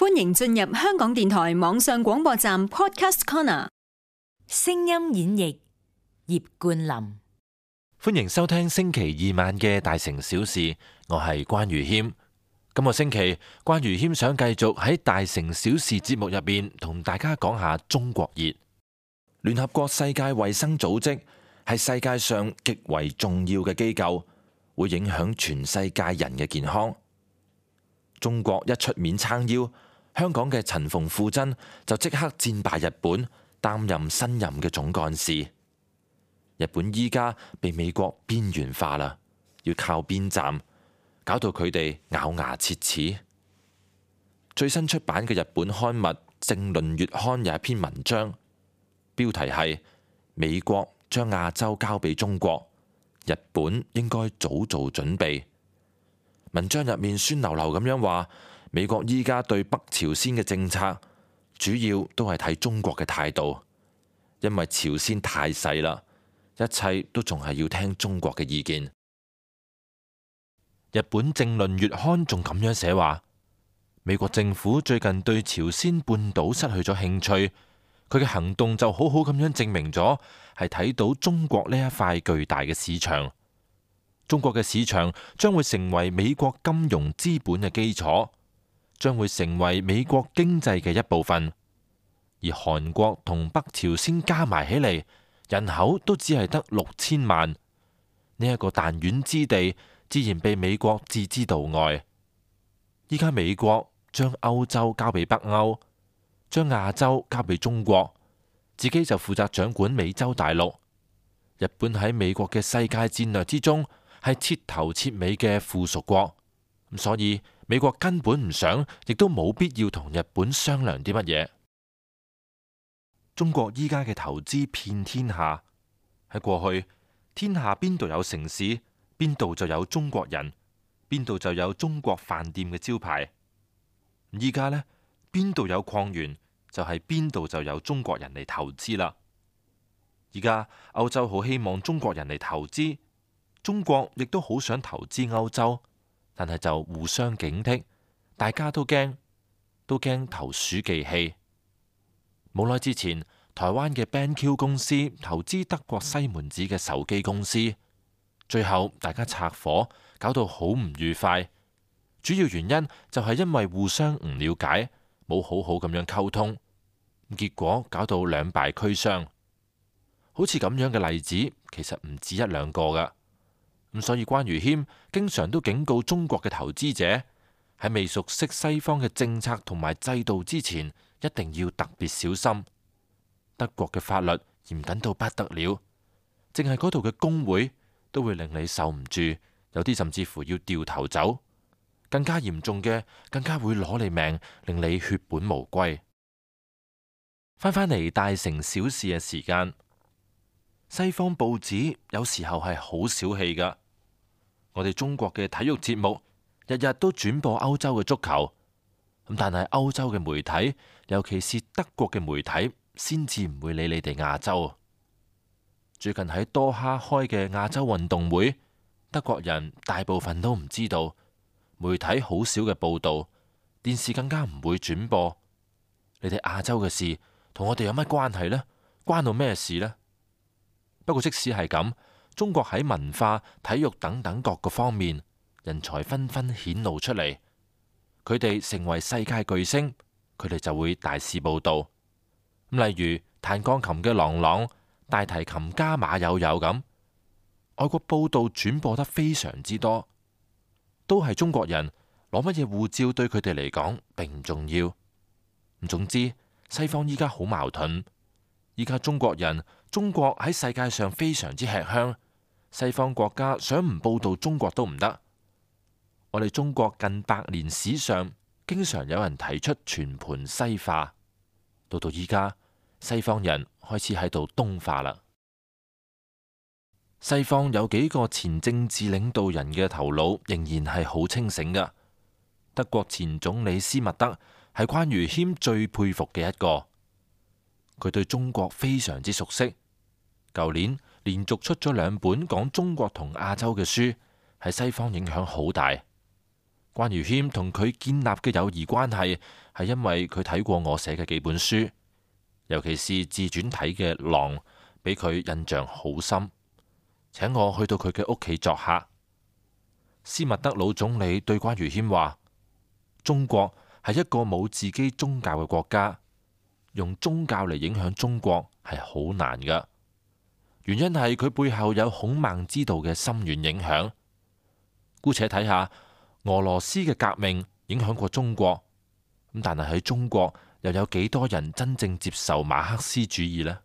歡迎進入香港電台網上廣播站 Podcast Corner，聲音演繹葉冠霖。歡迎收聽星期二晚嘅《大城小事》，我係關愚謙。今個星期，關愚謙想繼續喺《大城小事》節目入邊同大家講下中國熱。聯合國世界衛生組織係世界上極為重要嘅機構，會影響全世界人嘅健康。中國一出面撐腰。香港嘅陳馮富珍就即刻戰敗日本，擔任新任嘅總幹事。日本依家被美國邊緣化啦，要靠邊站，搞到佢哋咬牙切齒。最新出版嘅日本刊物《政論月刊》有一篇文章，標題係《美國將亞洲交俾中國，日本應該早做準備》。文章入面酸溜溜咁樣話。美國依家對北朝鮮嘅政策，主要都係睇中國嘅態度，因為朝鮮太細啦，一切都仲係要聽中國嘅意見。日本政論月刊仲咁樣寫話：「美國政府最近對朝鮮半島失去咗興趣，佢嘅行動就好好咁樣證明咗係睇到中國呢一塊巨大嘅市場。中國嘅市場將會成為美國金融資本嘅基礎。」將會成為美國經濟嘅一部分，而韓國同北朝鮮加埋起嚟，人口都只係得六千萬，呢、這、一個彈丸之地，自然被美國置之度外。依家美國將歐洲交俾北歐，將亞洲交俾中國，自己就負責掌管美洲大陸。日本喺美國嘅世界戰略之中，係徹頭徹尾嘅附屬國，所以。美國根本唔想，亦都冇必要同日本商量啲乜嘢。中國依家嘅投資遍天下。喺過去，天下邊度有城市，邊度就有中國人，邊度就有中國飯店嘅招牌。依家呢，邊度有礦源，就係邊度就有中國人嚟投資啦。而家歐洲好希望中國人嚟投資，中國亦都好想投資歐洲。但係就互相警惕，大家都驚，都驚投鼠忌器。冇耐之前，台灣嘅 BenQ 公司投資德國西門子嘅手機公司，最後大家拆夥，搞到好唔愉快。主要原因就係因為互相唔了解，冇好好咁樣溝通，結果搞到兩敗俱傷。好似咁樣嘅例子，其實唔止一兩個噶。咁所以關愚謙經常都警告中國嘅投資者，喺未熟悉西方嘅政策同埋制度之前，一定要特別小心。德國嘅法律嚴謹到不得了，淨係嗰度嘅工會都會令你受唔住，有啲甚至乎要掉頭走。更加嚴重嘅，更加會攞你命，令你血本無歸。返返嚟大城小事嘅時間，西方報紙有時候係好小器噶。我哋中國嘅體育節目日日都轉播歐洲嘅足球，咁但係歐洲嘅媒體，尤其是德國嘅媒體，先至唔會理你哋亞洲。最近喺多哈開嘅亞洲運動會，德國人大部分都唔知道，媒體好少嘅報道，電視更加唔會轉播。你哋亞洲嘅事同我哋有乜關係呢？關到咩事呢？不過即使係咁。中國喺文化、體育等等各個方面，人才紛紛顯露出嚟，佢哋成為世界巨星，佢哋就會大肆報道。例如彈鋼琴嘅郎朗、大提琴家馬友友咁，外國報道轉播得非常之多，都係中國人攞乜嘢護照對佢哋嚟講並唔重要。咁總之，西方依家好矛盾，依家中國人、中國喺世界上非常之吃香。西方國家想唔報道中國都唔得。我哋中國近百年史上，經常有人提出全盤西化，到到依家，西方人開始喺度東化啦。西方有幾個前政治領導人嘅頭腦仍然係好清醒嘅。德國前總理斯密德係關愚謙最佩服嘅一個。佢對中國非常之熟悉。舊年。連續出咗兩本講中國同亞洲嘅書，喺西方影響好大。關愚謙同佢建立嘅友誼關係，係因為佢睇過我寫嘅幾本書，尤其是自傳體嘅《狼》，俾佢印象好深，請我去到佢嘅屋企作客。斯密德老總理對關愚謙話：中國係一個冇自己宗教嘅國家，用宗教嚟影響中國係好難㗎。原因係佢背後有孔孟之道嘅深遠影響。姑且睇下，俄羅斯嘅革命影響過中國，咁但係喺中國又有幾多人真正接受馬克思主義呢？